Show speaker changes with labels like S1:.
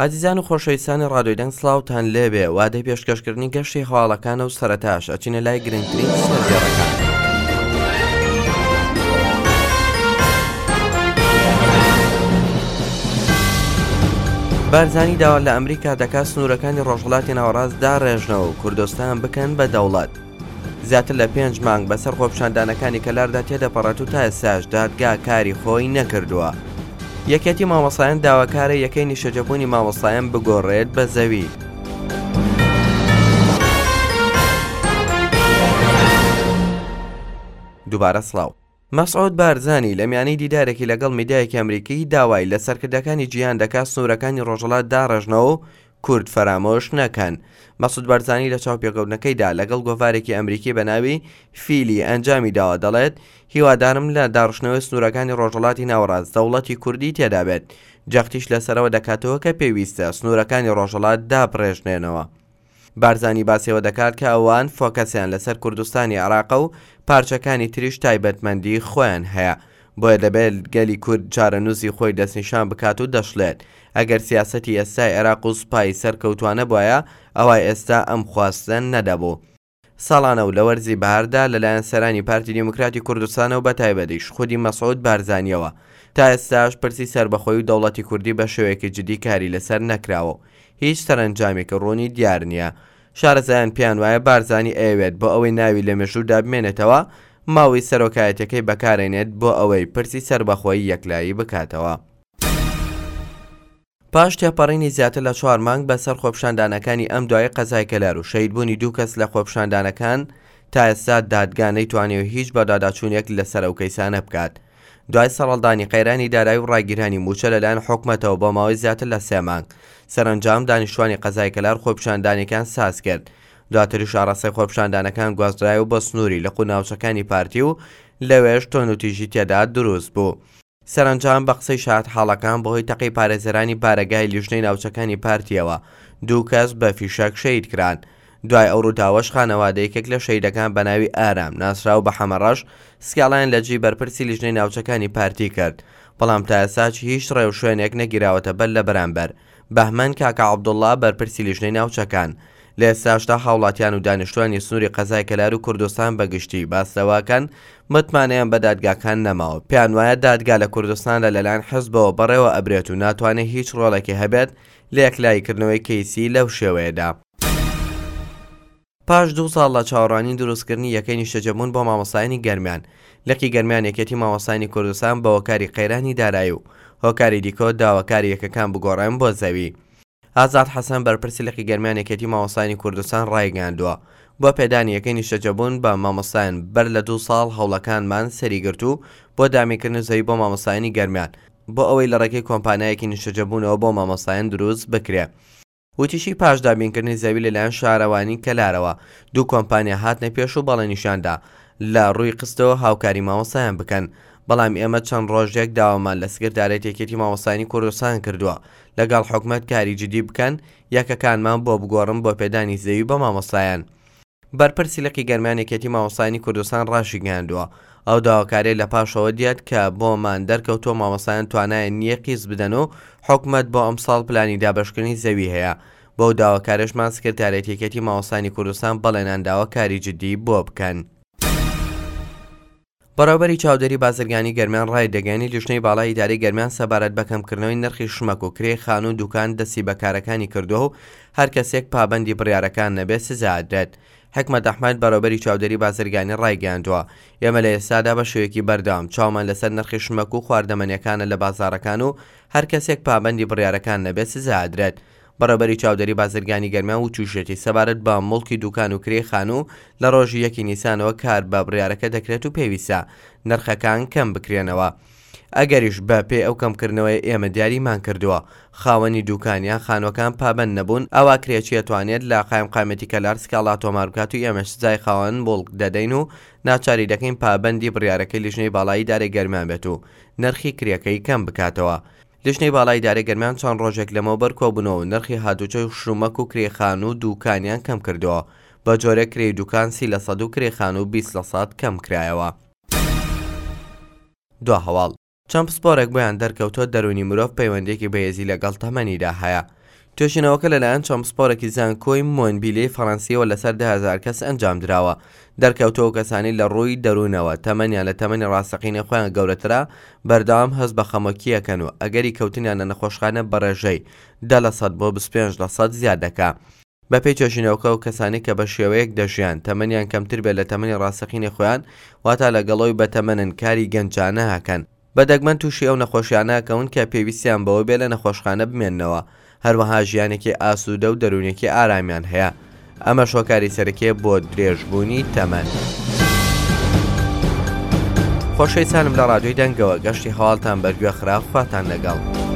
S1: ئازیزان و خۆشەویستانی ڕادۆی دەنگ سلااوان لێبێ وادەی پێشکەشکردنی گەشتی خاڵەکانە و سەرتاش ئەچینە لای گرنگترین سەرەکان. بارزانی داوا لە ئەمریکا دەکات سنوورەکانی ڕۆژڵاتی ناوەڕاستدا ڕێژنەوە و کوردستان بکەن بە دەوڵات. زیاتر لە پێنج مانگ بەسەر خۆپشاندانەکانی کەلاردا تێدەپەڕەت و تا ئێساش دادگا کاری خۆی نەکردووە. یەکەتی مامەسایەن داواکارە یەکەی نیشەجەبوونی مامەسایەن بگۆڕێت بە زەوی. دووبارە سلااو. مەسعود بارزانانی لە میانی دیدارێکی لەگەڵ میدایەکی ئەمریکی داوای لە سەرکردەکانی گیان دەکات سنوورەکانی ڕۆژەڵات داڕژنەوە کورد فەرامۆش نەکەن مەسود بەرزانی لە چاوپێکەوتنەکەیدا لەگەڵ گۆڤارێکی ئەمریکی بە ناوی فیلی ئەنجامی داوا دەڵێت هیوادارم لە داڕشنەوەی سنوورەکانی ڕۆژەڵاتی ناوەڕاست دەوڵەتی کوردی تێدابێت جەختیش لەسەرەوە دەکاتەوە کە پێویستە سنوورەکانی ڕۆژەڵات داپڕێژنێنەوە. بارزانی باسیەوە دەکات کە ئەوان فۆکەسیان لەسەر کوردستانی عراق و پارچەکانی تریش تایبەتمەندی خۆیان هەیە. بۆیە دەبێت گەلی کورد چارەنووسی خۆی دەستنیشان بکات و دەشلێت ئەگەر سیاستی ئێستای عێراق و سوپای سەرکەوتوانە بواە ئەوای ئێستا ئەم خواستن نەدەبوو. ساڵانە و لە وەرزی بەهاردا لەلایەن سەرانی پارتی دیموکراتی کوردستانەوە بە تایبەتیش خودی مەسعود بارزانیەوە تا ئێستاش پرسی سربەخۆی و دەوڵەتی کوردی بە شێوەیەکی جدی کاری لەسەر نەکراوە هیچ سەرنجامێکە ڕوونی دیار نییە شارەزایان پیان وایە بارزانی ئەوێت بۆ ئەوەی ناوی لە مێژوودا بمێنێتەوە ماوەی سەرۆکایەتەکەی بەکارێنێت بۆ ئەوەی پرسی سربەخۆی یەکلایی بکاتەوە. پاش تێپەڕینی زیاتر لە چوار مانگ بەسەر خۆپشاندانەکانی ئەم دوای قەزای کەلار و شەید بوونی دوو کەس لە خۆپشاندانەکان تا ئێستا دادگانەی توانێت هیچ بەداداچوونێک لە سەرەوکەیسانە بکات. دوای سەڵدانی قەیرانی دارایی و ڕاگیرانی موچە لەلایەن حکومەتەوە بۆ ماوەی زیاتر لە سێمانگ سەرنجام دانیشتوانی قەزای کەلار خۆپشاندانەکان ساز کرد دواتر شارڕاستی خۆپشاندانەکان گوازرای و بە سنووری لە قوناوچەکانی پارتی و لەوێش تۆنوتیژی تێدا دروست بوو. سەرنجام بە قسەی شاد حاڵەکان بەهۆی تەقی پارێزەرانی پارەگای لیژنەی ناوچەکانی پارتیەوە دوو کەس بە فیشەک شەید کران. دوای ئەو ڕووداوەش خانەوادەیەکێک لە شەیدەکان بە ناوی ئارام ناسرااو بە حەمەڕەش سکاڵیان لەجی بەرپرسی لیژنەی ناوچەکانی پارتی کرد. بەڵام تا ئەساچ هیچ ڕێو شوێنێک نەگیراوەتە بەر لە بەرامبەر. بەهمەن کاکە عبدوڵڵا بەرپرسی لیژنەی ناوچەکان. لە ئێستاشتا هاوڵاتیان و دانیشتوانی سنووری قەزای کەلار و کوردستان بەگشتی باسەواکان متمانیان بە دادگاکان نەماوە پێیان وایە دادگا لە کوردستان لە لەلایەن حزبەوە بەڕێوە ئەبرێت و ناتوانێت هیچ ڕۆڵێکی هەبێت لە یەکلایکردنەوەی کەیسی لەو شێوەیەدا. پاش دو ساڵ لە چاوەڕانی دروستکردنی یەکەی نیشتەجەبوون بۆ مامەسایانی گەرمیان لەکی گەرمیان یەکەتی ماوەسانی کوردستان بە وەکاری قەیرانی دارایی و هۆکاری دیکۆ داواکاری یەکەکان بگۆڕێن بۆ زەوی. ئازاد حەسەن بەرپرسی لەقی گەرمانێکەتی مامۆسانی کوردستان ڕایگەاندووە بۆ پێدانی یەکەی نیشتەجەبوون بە مامۆسایان بەر لە دوو ساڵ هەوڵەکانمان سەریگررت و بۆ دامیکردن زەوی بۆ مامۆسایانی گەرمیان بۆ ئەوەی لە ڕێکی کۆمپانایەکی نیشتەجەبوونەوە بۆ مامۆسایان دروست بکرێ. وتیشی پاشدابینکردنی زەوی لەلایەن شارەوانی کەلارەوە دوو کۆمپانیا هاتنە پێش و بەڵێ نیشاندا لە ڕووی قستەوە هاوکاری ماوەسایان بکەن. بەڵام ئێمە چەند ڕۆژێک داوامان لە سگردارێت یەکێتی ماوەسانی کوردستان کردووە لەگەڵ حکومت کاری جدی بکەن یەکەکانمان بۆ بگۆڕم بۆ پێدانی زەوی بە مامۆسایەن. بەرپرسی لەقی گەرمانێکەتی ماوەسانی کوردستان ڕاشی گەاندووە ئەو داواکارێ لە پاشەوە دیات کە بۆمان دەرکەوتۆ مامەسایان توانایە نییە قیز بدەن و حکومت بۆ ئەمساڵ پلانی دابشکردنی زەوی هەیە بەو داواکارشمان سکرتارەتێکەتی ماوەسانی کوردستان بەڵێنانداوە کاری جدی بۆ بکەن. بەڕێوبەری چاودێری بازرگانی گەرمیان ڕای دەگەانی لشنەی باڵای داری گەرمیان سەبارەت بەکەمکردنەوەی نرخی شمەک و کرێ خان و دوکان دەسی بەکارەکانی کردووە و هەر کەسێک پابندی بڕیارەکان نەبێت سزادرێت. حکمە دەحمد بەرەوبەری چاودێری بازرگانی ڕایگەاندووە ئێمە لە ئێستادا بە شوەیەکی بەردام چاومان لەسەر نرخی شمەک و خواردەمەنیەکانە لە بازارەکان و هەر کەسێک پابندی بڕیارەکان نەبێت سزادرێت. بەڕێبەری چاودێری بازرگانی گەرمیان و چوشێتی سەبارەت بە مڵکی دوکان و کرێخان و لە ڕۆژی یەکی نیسانەوە کار بە بڕیارەکە دەکرێت و پێویستە نرخەکان کەم بکرێنەوە. ئەگەریش بە پێ ئەو کەمکردنەوەی ئێمە دیاریمان کردووە خاوەنی دوکانیان خانوەکان پابند نەبوون ئەوا کرێکیەتوانێت لە قایم قامەتی کەلار سکاڵا تۆمارکات و ئێمەش جای خاوەن بڵک دەدەین و ناچاری دەکەین پابندی بڕیارەکەی لیژنەی باڵایی دارێ گەرمان بێت و نرخی کرێەکەی کەم بکاتەوە. لە ژنەی باڵای دارێگەرمیان چەند ڕۆژێک لەمەوە بەرکەوە بنەوە نرخی هاتوچەی شومەک و کرێخان و دووکانیان کەم کردەوە بە جۆرە کرێ دوکانسی لە سەد و کرێخان و 20 لە سات کەم کرایەوە. دو هەواڵ چەند پسپۆرێک بۆیان دەرکەوتۆ دەرونی مرۆڤ پەیوەندێکی بەهێزی لەگەڵ تەمەنیدا هەیە توێژینەوەکە لەلایەن چۆمسپۆرەی زانکۆی مۆنبیلی فەڕەنسیەوە لەسەر دههزار کەس ئەنجام درراوە دەرکەوتەوە کەسانی لە ڕووی دەروونەوە تەمەنیان لە تەمەنی ڕاستەقینە خۆیان گەورەترا بەردام هەست بە خەمەکیەکەن و ئەگەری کەوتنیان لە نەخۆشخانە بەڕێژەی دا لە سەد بۆ 25 لە سەد زیاد دەکات. بە پێی چێژینەوەکە و کەسانی کە بە شێوەیەک دەژیان تەمەنیان کەمتر بێت لە تەمەنی ڕاستەقینە خۆیان واتە لەگەڵۆی بە تەمەنن کاری گەنجانە هاکەن. بەدەگمەن تووشی ئەو نەخۆشیانە کەون کە پێویستیان بەوە بێ لە نەخۆشخانە بمێننەوە هەروەها ژیانێکی ئاسوودە و دەرونێکی ئارامیان هەیە ئەمە شۆکاری سەرکێ بۆ درێژبوونی تەمەەن. خۆشەی چانم لە ڕادوی دەنگەوە گەشتی هەواڵتان بەرگوێ خراپخواتان لەگەڵ.